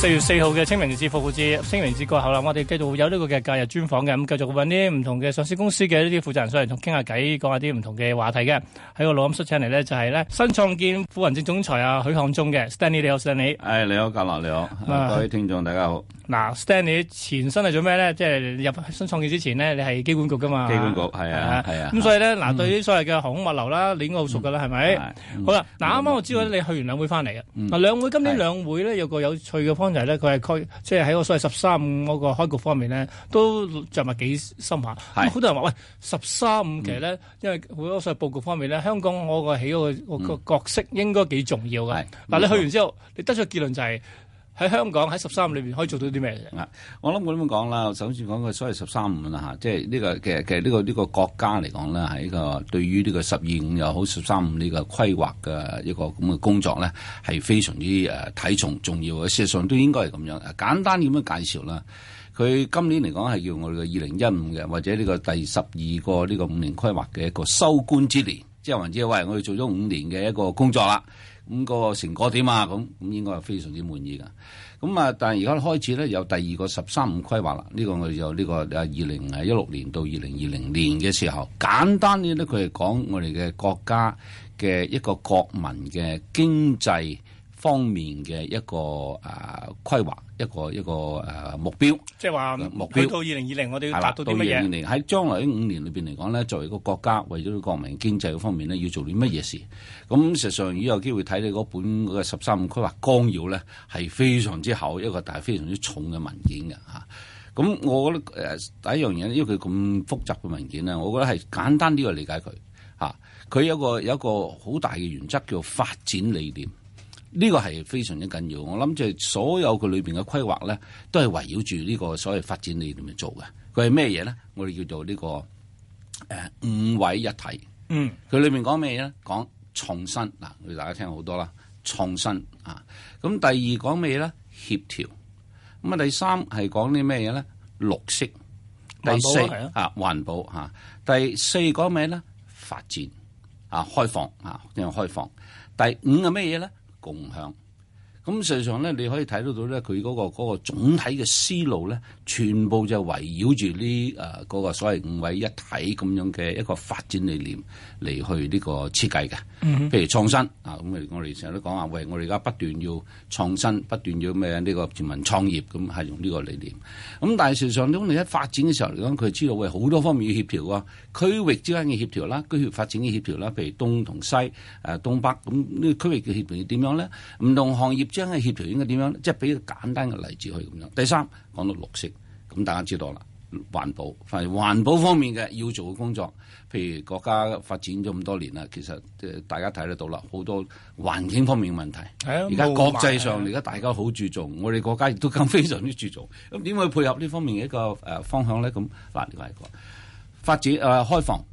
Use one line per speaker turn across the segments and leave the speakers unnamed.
四月四號嘅清明節復活節，清明節過後啦，我哋繼續會有呢個嘅假日專訪嘅，咁繼續搵啲唔同嘅上市公司嘅一啲負責人上嚟同傾下偈，講下啲唔同嘅話題嘅。喺個錄音室請嚟呢，就係、是、呢新創建副行政總裁啊許漢忠嘅 Stanley，你好，Stanley、哎。你好，格樂，你好，各位、啊、聽眾，大家好。嗱、啊、，Stanley 前身係做咩呢？即係入新創建之前呢，你係機管局噶嘛？機管局係啊，係啊。咁所以呢，嗱、啊，對於所謂嘅航空物流啦，你應該好熟噶啦，係、啊、咪？好啦、嗯，嗱、嗯，啱啱我知道你去完兩會翻嚟嘅。嗱，兩會今年兩會呢，有個有趣嘅方。就係咧，佢係區，即係喺個所謂十三五嗰個開局方面咧，都著墨幾深下。咁好是多人話：「喂，十三五其實咧，因為好多所謂布局方面咧，香港我個起個個角色應該幾重要㗎。嗱，你去完之後，你得出結論就係、是。喺香
港喺十三五裏面可以做到啲咩？啊、我諗我咁樣講啦，首先講，啊這個所謂十三五啦吓，即係呢個其實其實呢，這個呢，這個國家嚟講咧，喺個對於呢個十二五又好十三五呢個規劃嘅一個咁嘅工作咧，係非常之誒睇重重要嘅。事實上都應該係咁樣。啊。簡單點樣介紹啦？佢今年嚟講係叫我哋嘅二零一五嘅，或者呢個第十二個呢個五年規劃嘅一個收官之年，即係或者話我哋做咗五年嘅一個工作啦。咁個成果點啊？咁咁應該係非常之滿意㗎。咁啊，但係而家開始咧，有第二個十三五規劃啦。呢個我哋有呢個啊，二零係一六年到二零二零年嘅時候，簡單啲咧，佢係講我哋嘅國家嘅一個國民嘅經濟，方面嘅一個誒規劃，一個一個誒、啊、目標，即係話目標到二零
二零，我哋要達到啲乜嘢？二零二零，喺
將來呢五年裏邊嚟講咧，作為一個國家，為咗國民經濟嘅方面咧，要做啲乜嘢事？咁實際上如果有機會睇你嗰本嗰個十三五規劃綱要咧，係非常之厚一個，但係非常之重嘅文件嘅吓。咁我覺得誒第一樣嘢因為佢咁複雜嘅文件咧，我覺得係、呃、簡單啲去理解佢吓。佢有一個有一個好大嘅原則叫做發展理念。呢個係非常之緊要，我諗就係所有佢裏邊嘅規劃咧，都係圍繞住呢個所謂發展理念嚟做嘅。佢係咩嘢咧？我哋叫做呢、這個誒、呃、五位一體。嗯，佢裏邊講咩嘢咧？講創新嗱，我哋大家聽好多啦。創新啊，咁第二講咩嘢咧？協調咁啊，第，第三係講啲咩嘢咧？綠色第四啊，環保嚇。第四講咩咧？發展啊，開放啊，即係開放。啊開放啊、第五係咩嘢咧？共享。嗯嗯嗯。咁事實上咧，你可以睇得到咧、那個，佢嗰個嗰個總體嘅思路咧，全部就圍繞住呢誒嗰個所謂五位一體」咁樣嘅一個發展理念嚟去呢個設計嘅。Mm hmm. 譬如創新啊，咁我哋成日都講話，喂，我哋而家不斷要創新，不斷要咩呢、呃這個全民創業咁係用呢個理念。咁、嗯、但係事實上，當你一發展嘅時候嚟講，佢知道喂，好多方面要協調啊，區域之間嘅協調啦，區域發展嘅協調啦，譬如東同西誒、呃、東北咁呢個區域嘅協調要點樣咧？唔同行業。將嘅協調應該點樣？即係俾個簡單嘅例子去咁樣。第三，講到綠色，咁大家知道啦，環保。反而環保方面嘅要做嘅工作，譬如國家發展咗咁多年啦，其實即係大家睇得到啦，好多環境方面嘅問題。而家、哎、呦國際上，而家了大家好注重，我哋國家亦都咁非常之注重。咁點去配合呢方面嘅一個誒方向咧？咁嗱，呢個發展誒、啊、開放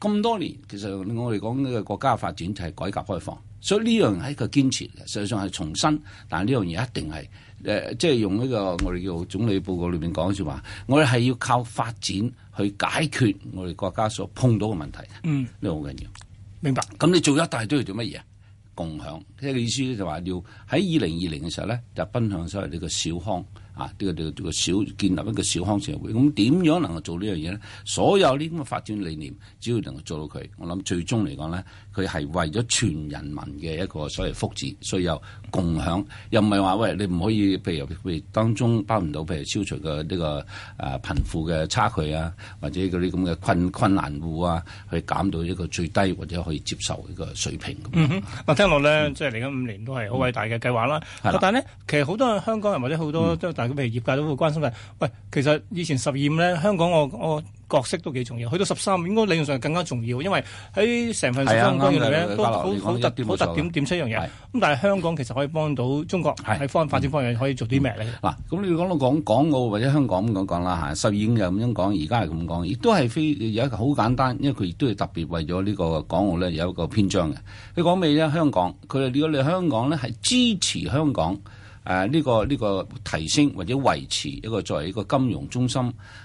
咁多年，其實我哋講呢個國家嘅發展就係改革開放。所以呢樣係一個堅持，實際上係重申。但係呢樣嘢一定係誒，即、呃、係、就是、用呢個我哋叫總理報告裏邊講嘅話，我哋係要靠發展去解決我哋國家所碰到嘅問題。嗯，呢個好緊要。明白。咁你做一大堆，要做乜嘢啊？共享即係意思就話要喺二零二零嘅時候咧，就奔向所謂呢、啊呢個呢個呢個小康啊，呢個呢小建立一個小康社會。咁點樣能夠做呢樣嘢咧？所有呢咁嘅發展理念，只要能夠做到佢，我諗最終嚟講咧。佢係為咗全人民嘅一個所謂福祉，所以有共享，又唔係話喂你唔可以，譬如譬如當中包唔到，譬如消除的、這個呢個啊貧富嘅差距啊，或者嗰啲咁嘅困困難戶啊，去減到一個最低或者可以接受呢個水平。嗯
哼，聽落咧，嗯、即係嚟緊五年都係好偉大嘅計劃啦。嗯、係的但係咧，其實好多香港人或者好多都，大家，譬如業界都會關心嘅。嗯、喂，其實以前十二五咧，香港我我。角色都幾重要，去到十三應該理論上更加重要，因為喺成份香港個原來的都好好突好特點點，點出一樣嘢。咁的但係香港其實可以幫到中國喺方發展方面的可以做啲咩咧？
嗱，咁、嗯、你講到港港澳或者香港咁、嗯、講啦嚇，十二已經就咁樣講，而家係咁講，亦都係非有一個好簡單，因為佢亦都係特別為咗呢個港澳咧有一個篇章嘅。你講咩咧？香港佢哋如果你香港咧係支持香港。誒呢、啊這個呢、這個提升或者維持一個作為一個金融中心，誒、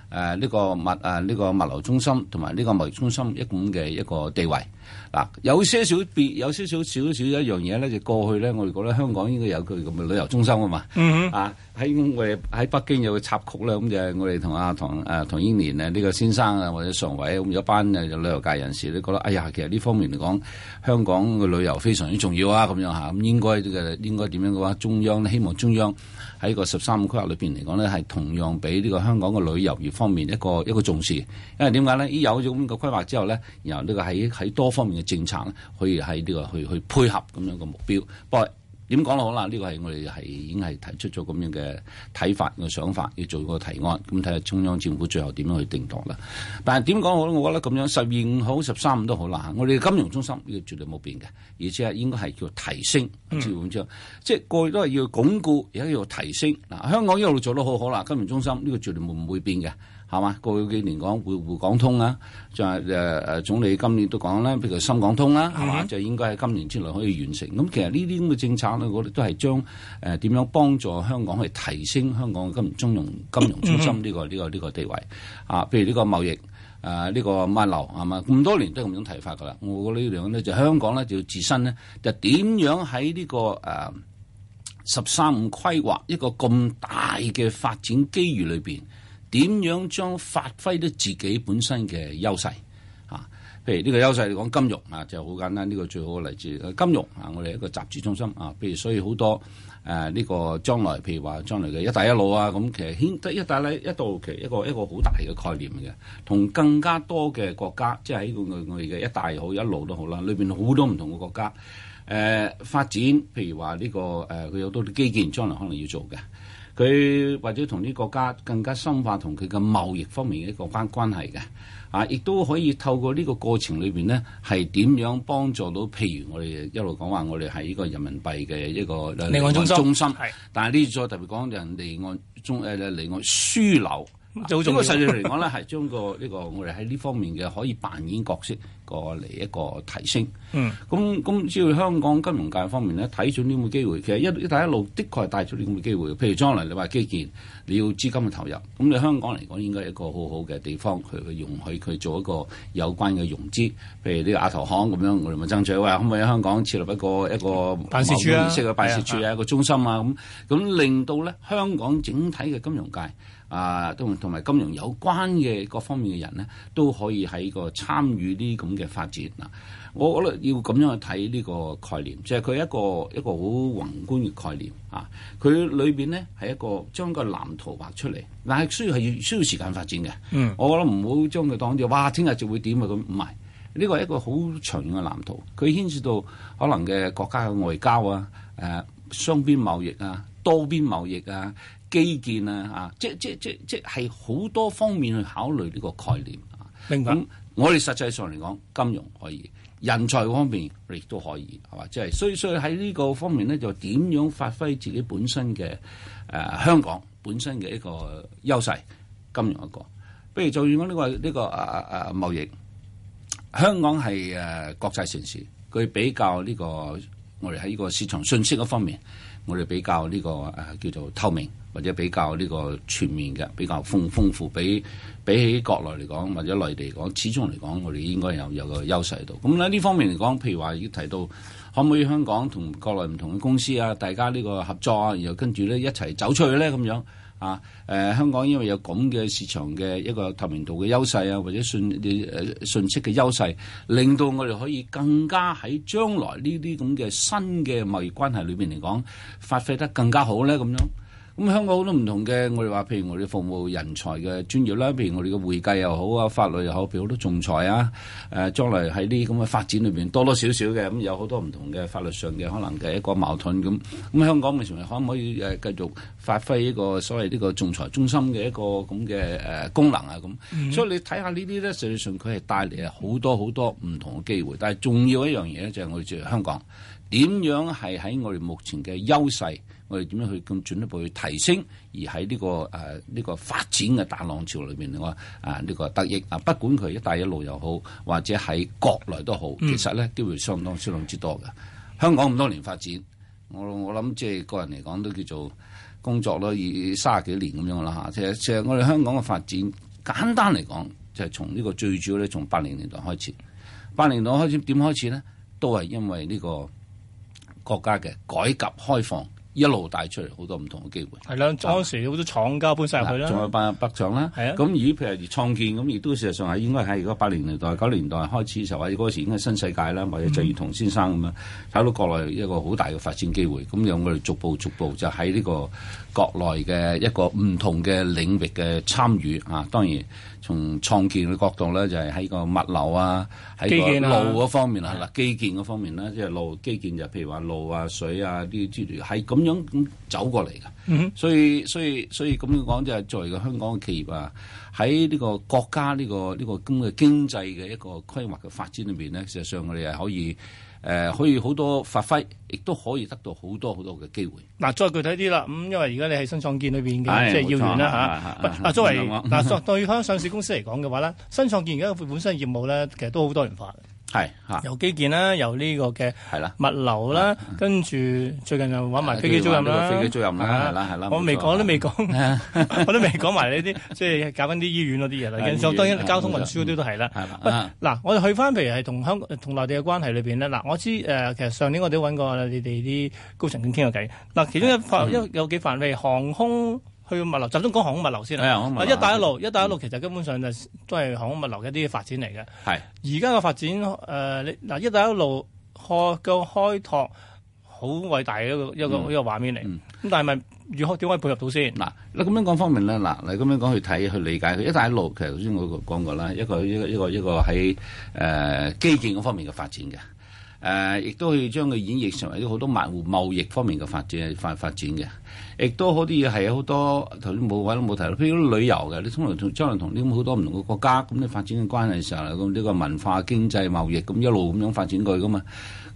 啊、呢、這個物呢、啊這個、物流中心同埋呢個貿易中心一貫嘅一個地位。嗱，有些少別，有些少少少一樣嘢咧，就過去咧，我哋覺得香港應該有佢咁嘅旅遊中心啊嘛。嗯哼、mm，啊喺我哋喺北京有個插曲咧，咁就係我哋同阿唐誒唐英年啊呢個先生啊或者常委啊，咁有一班誒旅遊界人士咧覺得，哎呀，其實呢方面嚟講，香港嘅旅遊非常之重要啊，咁樣吓，咁應該嘅應該點樣嘅話中央希望中央喺個十三五規劃裏邊嚟講咧，係同樣俾呢個香港嘅旅遊業方面一個一個重視，因為點解咧？依有咗咁嘅規劃之後咧，然後呢個喺喺多方面。政策咧可以喺呢個去去配合咁樣嘅目標，不過點講好啦？呢、呢個係我哋係已經係提出咗咁樣嘅睇法個想法，要做一個提案，咁睇下中央政府最後點樣去定奪啦。但係點講好我覺得咁樣十二五好，十三五都好啦。我哋金融中心呢要、呢個、絕對冇變嘅，而且應該係叫提升，即係、嗯、過去都係要鞏固，而家要提升。嗱，香港一路做得好好啦，金融中心呢、呢個絕對唔會變嘅。係嘛？過去幾年講會滬港通啊，仲係誒誒總理今年都講啦，譬如深港通啦、啊，係嘛，就應該喺今年之內可以完成。咁其實呢啲咁嘅政策咧，我哋都係將誒點、呃、樣幫助香港去提升香港的金融金融中心呢、呢個呢、呢個呢、呢個地位、嗯、哼啊。譬如呢個貿易啊，呢、呃呢個物流係嘛，咁多年都係咁樣提法噶啦。我覺得這樣呢樣咧就香港咧就自身咧就點樣喺呢、呢個誒、呃、十三五規劃一個咁大嘅發展機遇裏邊。點樣將發揮到自己本身嘅優勢啊？譬如呢個優勢你講、啊這個啊，金融啊就好簡單。呢個最好嘅例子，金融啊，我哋一個集資中心啊。譬如所以好多誒呢、啊這個將來，譬如話將來嘅一帶一路啊，咁其實牽得一帶一路啊、其實一一其實一個一個好大嘅概念嘅，同更加多嘅國家，即係喺我我哋嘅一帶好，一，帶好一路都好啦，裏邊好多唔同嘅國家誒、啊、發展，譬如話呢、這個誒佢、啊、有多啲基建將來可能要做嘅。佢或者同啲國家更加深化同佢嘅貿易方面嘅一個關關係嘅。啊，亦都可以透過呢個過程裏邊咧，係點樣幫助到？譬如我哋一路講話，我哋係呢個人民幣嘅一個離岸中心，但係呢再特別講人離岸中誒是離岸樞紐，做啊、呢個實際嚟講咧，係將個呢個我哋喺呢方面嘅可以扮演角色。個過嚟一個提升，咁咁只要香港金融界方面咧睇準呢個機會，其實一一帶一路的確係帶出啲咁嘅機會。譬如將來你話基建，你要資金嘅投入，咁你香港嚟講應該係一個好好嘅地方，去去容許佢做一個有關嘅融資，譬如呢個亞投行咁樣，我哋咪爭取話可唔可以香港設立一個一個模式嘅辦事處啊，一個中心啊，咁咁令到咧香港整體嘅金融界啊，同同埋金融有關嘅各方面嘅人咧，都可以喺個參與啲咁嘅。發展啊，我我覺得要咁樣去睇呢個概念，即係佢一個一個好宏觀嘅概念啊。佢裏邊咧係一個將個藍圖畫出嚟，但係需要係要需要時間發展嘅。嗯，我覺得唔好將佢當住，哇！聽日就會點啊咁。唔係，呢個係一個好長遠嘅藍圖，佢牽涉到可能嘅國家嘅外交啊、誒雙邊貿易啊、多邊貿易啊、基建啊，啊，即即即即係好多方面去考慮呢個概念啊。明白。嗯我哋實際上嚟講，金融可以，人才方面亦都可以，係嘛？即係，所以所以喺呢個方面咧，就點樣發揮自己本身嘅誒香港本身嘅一個優勢？金融一個，不如就以我呢個呢個誒誒貿易，香港係誒國際城市，佢比較呢個我哋喺呢個市場信息嗰方面，我哋比較呢個誒叫做透明。或者比較呢個全面嘅，比較豐富，比比起國內嚟講或者內地嚟講，始終嚟講，我哋應該有有個優勢喺度。咁喺呢方面嚟講，譬如話已經提到，可唔可以香港同國內唔同嘅公司啊，大家呢個合作啊，然後跟住咧一齊走出去咧咁樣啊？呃，香港因為有咁嘅市場嘅一個透明度嘅優勢啊，或者信信息嘅優勢，令到我哋可以更加喺將來呢啲咁嘅新嘅貿易關係裏邊嚟講，發揮得更加好咧咁樣。咁香港好多唔同嘅，我哋話譬如我哋服務人才嘅專業啦，譬如我哋嘅會計又好啊，法律又好，譬如好多仲裁啊，誒、呃，將來喺呢啲咁嘅發展裏面，多多少少嘅，咁、嗯、有好多唔同嘅法律上嘅可能嘅一個矛盾咁。咁、嗯嗯、香港成為可唔可以誒繼、呃、續發揮呢個所謂呢個仲裁中心嘅一個咁嘅誒功能啊？咁、嗯，所以你睇下呢啲咧，實際上佢係帶嚟好多好多唔同嘅機會，但係重要一樣嘢咧就係我哋香港點樣係喺我哋目前嘅優勢。我哋點樣去更進一步去提升，而喺呢個誒呢個發展嘅大浪潮裏邊，我啊呢個得益啊，不管佢係一帶一路又好，或者喺國內都好，其實咧都會相當相當之多嘅。香港咁多年發展，我我諗即係個人嚟講都叫做工作咯，以卅幾年咁樣啦嚇。其實其實我哋香港嘅發展，簡單嚟講，就係從呢個最主要咧，從八零年代開始。八零年代開始點開始咧，都係因為呢個國家嘅改革開放。一路帶出嚟好多唔同嘅機會，係啦，當時好多廠家搬晒入去啦，仲有搬入北上啦，係啊的，咁而譬如創建咁，亦都事實上係應該喺八零年代九零年代開始嘅時候，嗰時應該係新世界啦，或者鄭裕彤先生咁樣喺、嗯、到國內一個好大嘅發展機會，咁讓我哋逐步逐步就喺呢個國內嘅一個唔同嘅領域嘅參與啊，當然。從創建嘅角度咧，就係喺個物流啊，喺個路方面啊，嗱基建方面咧，即係路基建就譬如話路啊、水啊啲之類，係咁樣咁走過嚟嘅、嗯哼。所以所以所以咁樣講，就係作為個香港嘅企業啊，喺呢個國家呢個呢個咁嘅經濟嘅一個規劃嘅發展裏面咧，實際上我哋係可以。誒、呃、可以好多發揮，亦都可以得到好多好多嘅機會。
嗱，再具體啲啦，咁因為而家你係新創建裏邊嘅，即係要員啦嚇。唔、哎，作為嗱對香港上市公司嚟講嘅話咧，新創建而家本身業務咧，其實都好多元化。係嚇，由基建啦，由呢個嘅物流啦，跟住最近又揾埋飛機租賃啦，飛機租賃啦，係啦係啦，我未講都未講，我都未講埋呢啲，即係搞緊啲醫院嗰啲嘢啦，跟住當然交通運輸嗰啲都係啦。嗱，我哋去翻譬如係同香同內地嘅關係裏邊咧，嗱，我知誒，其實上年我哋都揾過你哋啲高層經傾過偈，嗱，其中一範有有幾範係航空。去物流，集中講航空物流先。啊，嗯嗯、一帶一路，一帶一路其實根本上就都係航空物流嘅一啲發展嚟嘅。係而家嘅發展，你，嗱，一帶一路開嘅開拓好偉大嘅一個一個、嗯、一個畫
面嚟。嗯。咁但係咪如何點可以配合到先？嗱、啊，你咁樣講方面咧，嗱、啊，你咁樣講去睇去理解佢一帶一路，其實頭先我講過啦，一個一個一個喺誒、呃、基建嗰方面嘅發展嘅。誒，亦、呃、都可以將佢演繹成為啲好多物互貿易方面嘅發展，發發展嘅，亦都好啲，嘢係好多頭先冇位都冇提到，譬如旅遊嘅，你通常，通常同將來同啲好多唔同嘅國家，咁你發展嘅關係上，候，咁呢個文化、經濟、貿易，咁一路咁樣發展佢噶嘛，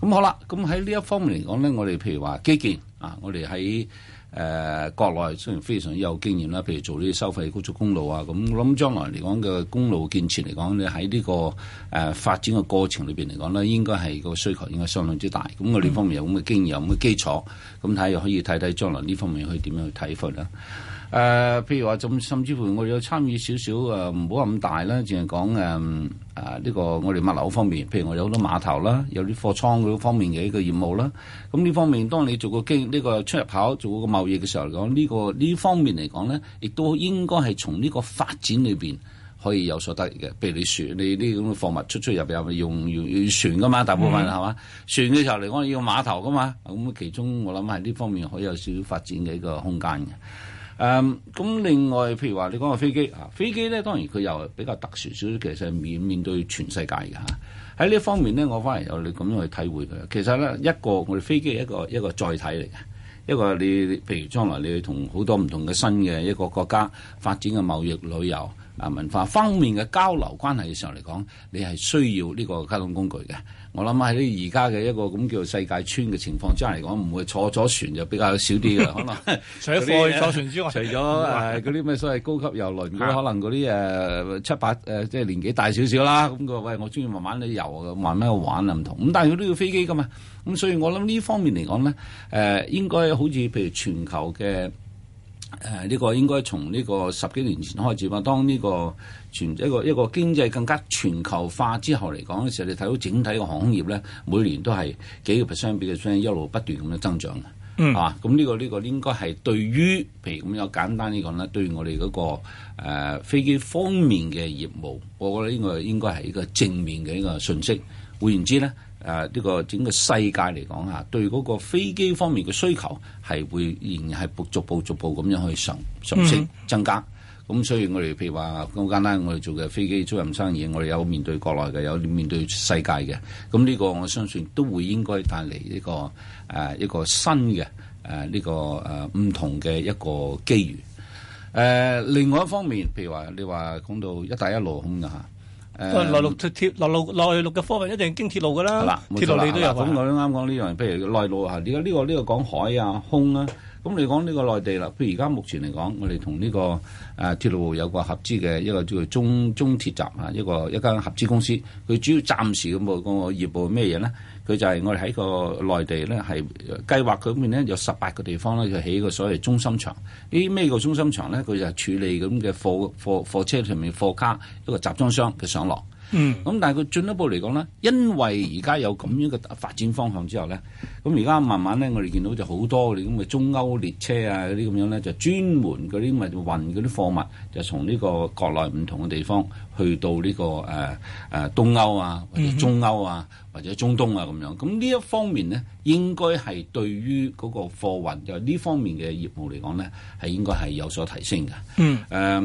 咁好啦，咁喺呢一方面嚟講咧，我哋譬如話基建啊，我哋喺。誒、呃，國內雖然非常之有經驗啦，譬如做啲收費高速公路啊，咁我諗將來嚟講嘅公路建設嚟講，你喺呢個誒、呃、發展嘅過程裏邊嚟講咧，應該係個需求應該相當之大。咁我哋方面有咁嘅經驗、咁嘅基礎，咁睇又可以睇睇將來呢方面可以點樣去睇法咧。誒、呃，譬如話，甚甚至乎，我有參與少少誒，唔好咁大啦，淨係講誒誒呢個我哋物流方面，譬如我有好多碼頭啦，有啲貨倉嗰方面嘅一個業務啦。咁呢方面，當你做個經呢、呢個出入口做個貿易嘅時候嚟講，呢、呢個呢方面嚟講咧，亦都應該係從呢個發展裏邊可以有所得嘅。譬如你船，你呢咁嘅貨物出出入入，用用，用，用船噶嘛，大部分係嘛、嗯？船嘅時候嚟講要碼頭噶嘛，咁其中我諗係呢方面可以有少少發展嘅一個空間嘅。誒咁、嗯、另外，譬如話你講個飛機啊，飛機咧，當然佢又比較特殊少少，其實面面對全世界嘅嚇。喺呢方面咧，我反而有你咁樣去體會嘅。其實咧，一個我哋飛機係一個一個載體嚟嘅，一個你譬如將來你去同好多唔同嘅新嘅一個國家發展嘅貿易旅遊啊，文化方面嘅交流關係嘅時候嚟講，你係需要呢個交通工具嘅。我諗喺呢而家嘅一個咁叫做世界村嘅情況之下嚟講，唔會坐咗船就比較少啲嘅。可能 除咗貨坐船之外，除咗誒嗰啲咩所謂高級遊輪， 可能嗰啲誒七八誒、啊、即係年紀大少少啦，咁佢話喂，我中意慢慢旅遊，慢慢去玩啊，唔同。咁但係佢都要飛機噶嘛。咁所以我諗呢方面嚟講咧，誒、呃、應該好似譬如全球嘅。誒呢、呃這個應該從呢個十幾年前開始嘛。當呢個全一個一個經濟更加全球化之後嚟講嘅時候，你睇到整體嘅航空業咧，每年都係幾個 percent 比嘅增長，一路不斷咁樣增長嘅，嗯嘛？咁呢、啊這個呢、這個應該係對於譬如咁樣簡單嚟講咧，對於我哋嗰、那個誒、呃、飛機方面嘅業務，我覺得呢個應該係一個正面嘅一個信息。換言之咧。誒呢、啊這個整個世界嚟講嚇，對嗰個飛機方面嘅需求係會仍然係逐步逐步咁樣去上上升增加。咁、嗯、所以我哋譬如話好簡單，我哋做嘅飛機租賃生意，我哋有面對國內嘅，有面對世界嘅。咁呢個我相信都會應該帶嚟呢個誒、呃、一個新嘅誒呢個誒唔、呃、同嘅一個機遇。誒、呃、另外一方面，譬如話你話講到一帶一路空嘅嚇。誒、嗯、內陸
鐵、內陸、內陸嘅貨物一定經鐵路嘅啦，鐵路你都有。咁我
都啱講呢樣。譬如內陸啊，而家呢個呢、呢個講海啊、空啊。咁你講呢個內地啦，譬如而家目前嚟講，我哋同呢個誒、啊、鐵路有個合資嘅一個叫做中中鐵集啊，一個，中中一，個一間合資公司，佢主要暫時嘅個個業務係咩嘢咧？佢就係我哋喺個內地咧，係計劃佢邊咧有十八個地方咧，佢起個所謂中心場。呢啲咩叫中心場咧？佢就係處理咁嘅貨貨貨、貨車上面貨卡一個集裝箱嘅上落。嗯，咁但係佢進一步嚟講咧，因為而家有咁樣嘅發展方向之後咧，咁而家慢慢咧，我哋見到就好多啲咁嘅中歐列車啊，嗰啲咁樣咧，就專門嗰啲咁運嗰啲貨物，就從呢個國內唔同嘅地方去到呢個誒、呃呃、東歐啊，或者中歐啊，或者中東啊咁樣。咁呢一方面咧，應該係對於嗰個貨運就呢、是、方面嘅業務嚟講咧，係應該係有所提升嘅。嗯，呃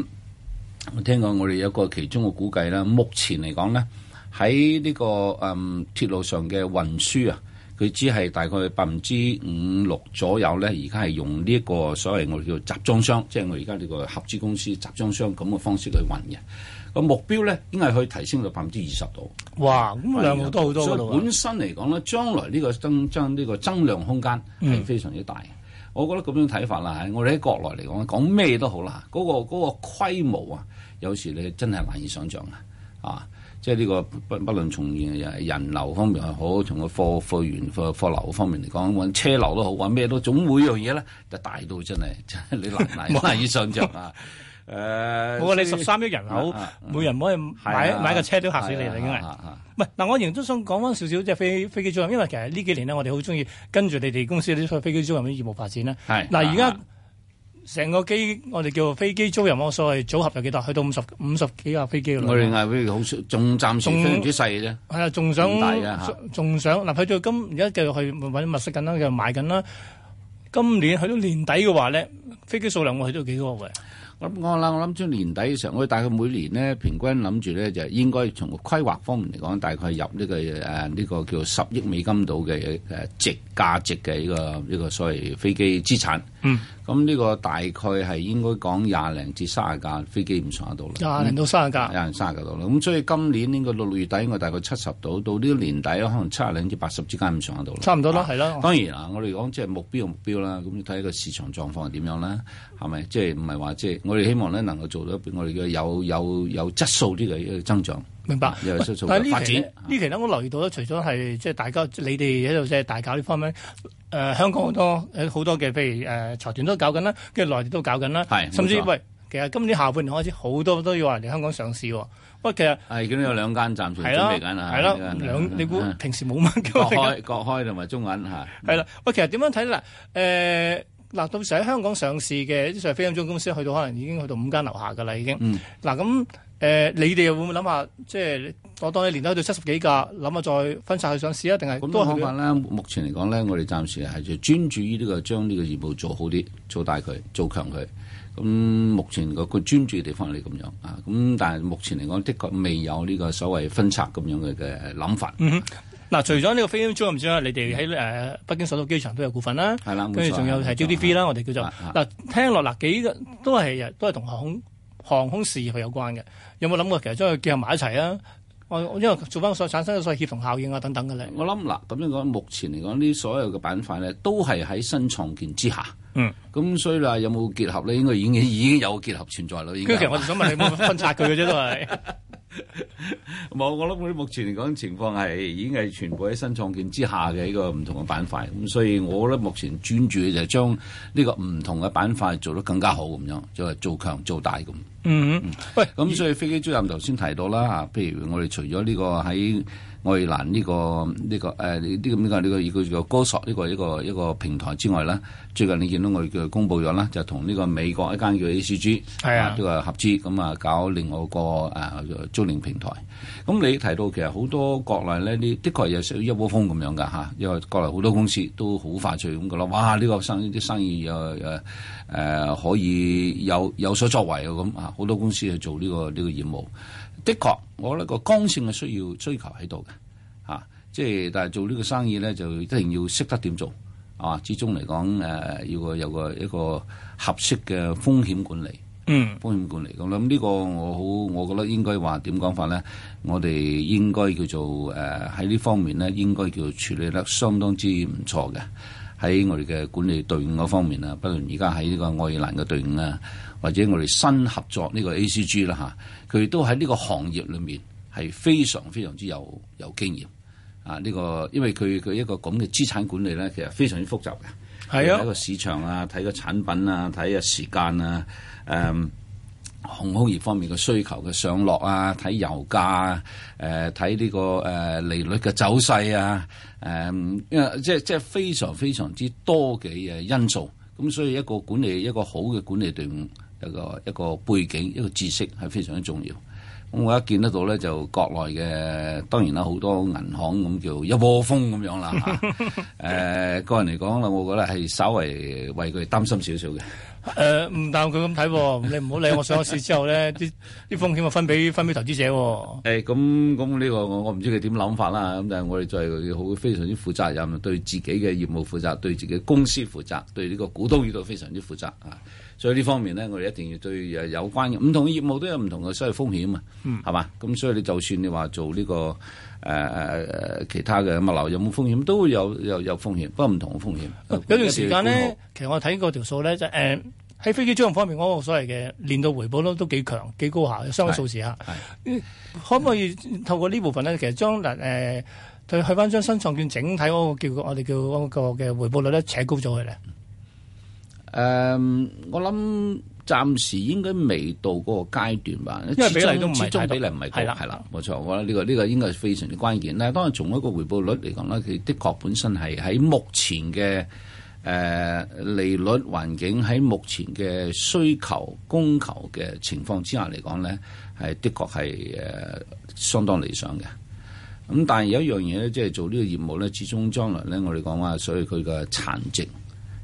我聽講我哋有一個其中嘅估計啦，目前嚟講咧，喺呢、呢個誒、嗯、鐵路上嘅運輸啊，佢只係大概百分之五六左右咧。而家係用呢一個所謂我哋叫集裝箱，即係我哋而家呢個合資公司集裝箱咁嘅方式去運嘅。個目標咧，應該可以提升到百分之二十度。哇！咁量倍多好多。所以本身嚟講咧，將來呢個增將呢個增量空間係非常之大。嗯我覺得咁樣睇法啦，係我哋喺國內嚟講，講咩都好啦，嗰個嗰個規模啊，有時你真係難以想象啊！即係呢個不不論，從人流方面係好，從個貨貨源貨貨流方面嚟講，揾車流都好，揾咩都，總每樣嘢咧就大到真係真係你難以 難以想象啊！ 誒，我、呃、你十三億人口，
啊、每人可以買、啊、買架車都嚇死你啦，已經係唔係嗱？我仍都想講翻少少即係飛飛機租賃，因為其實呢幾年呢，我哋好中意跟住你哋公司啲飛機租賃啲業務發展咧。
係嗱、啊，而家
成個機我哋叫做飛機租賃，我所謂組合有幾多？去到五十五十幾架飛機我哋
嗌，好仲暫時相對細嘅啫，
係啊，仲想仲想嗱，去到今而家繼續去搵物色緊啦，繼續買緊啦。今年去到年底嘅話咧，飛機數量我去到幾多嘅。
咁我諗，我諗將年底嘅時候，我大概每年咧平均諗住咧，就應該從規劃方面嚟講，大概入呢個誒呢個叫十億美金到嘅誒值價值嘅呢個呢個所謂飛機資產。嗯。咁呢個大概係應該講廿零至卅架飛機唔上得到啦，廿零到卅架，廿零卅架到啦。咁所以今年應該六月底應該大概七十到到呢個年底可能七十零至八十之間唔上得到啦，差唔多啦，係啦。當然啦，我哋講即係目標目標啦，咁你睇個市場狀況係點樣啦，係咪？即係唔係話即係我哋希望咧能夠做到我，我哋嘅有有有質素啲嘅增長。明白，但呢期
呢展期咧，我留意到咧，除咗係即係大家你哋喺度即係大搞呢方面，誒、呃、香港好多好多嘅，譬如誒、呃、財團都搞緊啦，跟住內地都搞緊啦，是甚至錯喂，其實今年下半年開始好多都要話嚟香港上市喎，
喂，其實係見到有兩間站時未緊啊，係咯兩，你估平時冇問嘅，國 開國開同埋中銀嚇，係啦，
喂的、嗯、其實點樣睇呢？誒、呃？嗱，到時喺香港上市嘅，即係飛機租賃公司，去到可能已經去到五間樓下噶啦，已經。嗱咁誒，你哋會唔會諗下，即係我當你連到到七十幾架，諗下再分拆去上市啊？定係？咁嘅諗法
咧，目前嚟講咧，我哋暫時係就專注於呢、呢個將呢個業務做好啲，做大佢，做強佢。咁目前個佢專注嘅地方係咁樣啊。咁但係目前嚟講，的確未有呢個所謂分拆咁樣嘅嘅諗法。嗯。
嗱、啊，除咗呢個飛機租賃唔算啦，你哋喺誒北京首都機場都有股份啦，跟住仲有係 GDF 啦，我哋叫做嗱，啊啊啊、聽落嗱幾個都係都係同航空航空事業係有關
嘅，有冇諗過其實將佢結合埋一齊啊？我因為做翻所產生嘅所謂協同效應啊等等嘅咧，我諗嗱，咁樣講，目前嚟講，呢所有嘅板塊咧，都係喺新創建之下，咁、嗯、所以嗱、啊，有冇結合咧？應該已經已經有個結合存在啦。因為其實我哋想問你，冇 分拆佢嘅啫都係。 冇， 我諗我目前嚟講，情況係已經係全部喺新創建之下嘅一個唔同嘅板塊，咁所以我覺得目前專注嘅就係將呢個唔同嘅板塊做得更加好咁樣，就係做強做大咁。嗯，嗯嗯喂，咁所以飛機租賃頭先提到啦，吓，譬如我哋除咗呢個喺。愛爾蘭呢個呢、呢個誒呢啲呢嘅呢個叫歌索呢個一個一個平台之外啦，最近你見到我哋嘅公佈咗啦，就同、是、呢個美國一間叫 ACG，呢個合資咁啊、嗯，搞另外一個誒、啊、租賃平台。咁、嗯嗯、你提到其實好多國內咧，啲的確係有少少一窩蜂咁樣嘅嚇、啊，因為國內好多公司都好快脆咁嘅咯，哇！呢、呢個生意，啲生意又誒誒可以有有所作為啊咁啊，好多公司去做呢、呢個呢、呢個業務。的確，我覺得個剛性嘅需要追求喺度嘅，嚇、啊，即係但係做呢個生意咧，就一定要識得點做，係、啊、嘛？始終嚟講，誒、呃、要個有個一個合適嘅風險管理，嗯，風險管理咁啦。咁呢個我好，我覺得應該話點講法咧？我哋應該叫做誒喺呢方面咧，應該叫做處理得相當之唔錯嘅喺我哋嘅管理隊伍嗰方面啦。不論而家喺呢個愛爾蘭嘅隊伍啊。或者我哋新合作呢個 ACG 啦、啊、佢都喺呢個行業裏面係非常非常之有有經驗啊！呢、這個因為佢佢一個咁嘅資產管理咧，其實非常之複雜嘅。係啊的，睇個市場啊，睇個產品啊，睇啊時間啊，誒、嗯，航空業方面嘅需求嘅上落啊，睇油價啊，睇、啊、呢、這個誒、啊、利率嘅走勢啊，誒、啊，因為即係即係非常非常之多嘅因素，咁所以一個管理一個好嘅管理隊伍。一個一個背景一個知識係非常之重要。咁我一見得到咧，就國內嘅當然啦，好多銀行咁叫一窩蜂咁樣啦嚇。誒、 呃、個人嚟講啦，我覺得係稍微為佢哋擔心少少嘅。誒
唔當佢咁睇，啊、 你唔好理。我上咗市之後咧，啲啲
風險啊分俾分俾投資者。誒咁咁呢個我我唔知佢點諗法啦。咁但係我哋就係好非常之負責任，對自己嘅業務負責，對自己公司負責，對呢個股東亦都非常之負責啊。所以呢方面呢，我哋一定要對誒有關嘅唔同嘅業務都有唔同嘅所謂風險啊，係嘛？咁、嗯、所以你就算你話做呢、這個誒誒誒其他嘅物流有冇風險，都會有有有風險，不過唔同嘅風險。有段時間呢，個
其實我睇過條數咧，就誒、是、喺、呃、飛機租用方面嗰、那個、所謂嘅年度回報率都幾強幾高下，雙數字嚇。可唔可以透過呢部分呢？其實將嗱去去翻張新創建整體嗰叫我哋叫嗰個嘅回報率咧，扯高咗佢咧？
誒，uh, 我諗暫時應該未到嗰個階段吧，因為比例都始終比例唔係高，係啦的，係啦的，冇錯，我覺得呢、這個呢、這個應該係非常之關鍵。但係當然從一個回報率嚟講咧，佢的確本身係喺目前嘅誒、呃、利率環境喺目前嘅需求供求嘅情況之下嚟講咧，係的確係誒、呃、相當理想嘅。咁但係有一樣嘢咧，即、就、係、是、做呢個業務咧，始終將來咧，我哋講話，所以佢嘅殘值。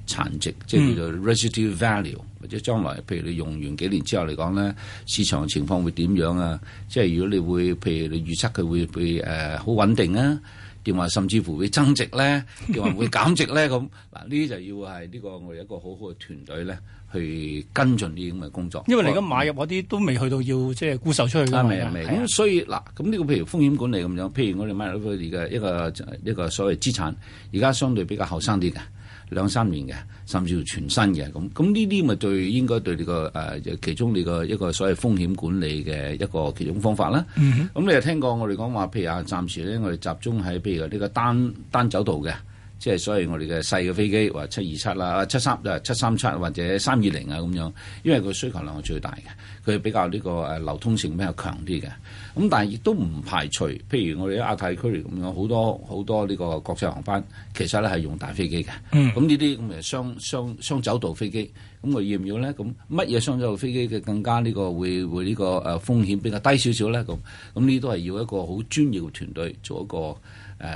殘值即係叫做 residual value，或者將來譬如你用完幾年之後嚟講咧，市場情況會點樣啊？即係如果你會譬如你預測佢會會誒好穩定啊，定話甚至乎會增值咧，定話會減值咧咁嗱，呢啲 就要係呢、這個我哋一個好好嘅團隊咧去跟進呢啲咁嘅工作。因為你而家買入嗰啲都未去到要即係
沽售出去㗎嘛，係啊，沒沒啊，
所以嗱，咁呢個譬如風險管理咁樣，譬如我哋買入嗰啲嘅一個一個，一個所謂資產，而家相對比較後生啲嘅。嗯兩三年嘅，甚至乎全新嘅咁，咁呢啲咪最應該對你個、呃、其中你個一個所謂風險管理嘅一個其中方法啦。咁、mm hmm. 你又聽過我哋講話，譬如啊，暫時呢，我哋集中喺譬如呢個單單走道嘅。即係所以，我哋嘅細嘅飛機，話七二七啦、七三啊、七三七或者三二零啊咁樣，因為佢需求量係最大嘅，佢比較呢個誒流通性比較強啲嘅。咁但係亦都唔排除，譬如我哋啲亞太區咁樣好多好多呢個國際航班，其實咧係用大飛機嘅。咁呢啲咁誒雙雙雙走道飛機，咁我要唔要咧？咁乜嘢雙走道飛機嘅更加呢個會會呢個誒風險比較低少少咧？咁咁呢啲都係要一個好專業嘅團隊做一個。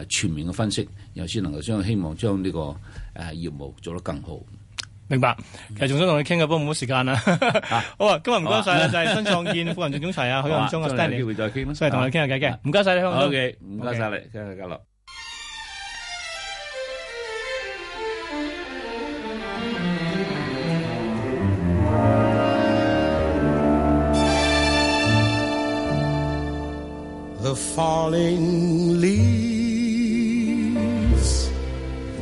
誒全面嘅分析，又先能夠將希望將呢個誒業務做得更好。明
白，其實仲想同你傾下，不過冇時間啦。好啊，今日唔該曬，就係新創建副總裁啊許漢忠啊，今年有機會再傾啦。所以同你傾下偈嘅，唔該晒，你香港總，唔該晒，你，謝謝嘉
樂。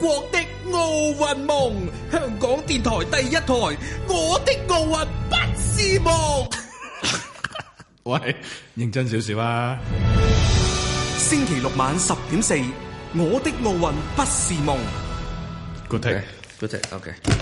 國的奧運夢，香港電台第一台，我的奧運不是夢。
喂，認真少少啊！
星期六晚十點四，我的奧運不是夢。good day，good day，ok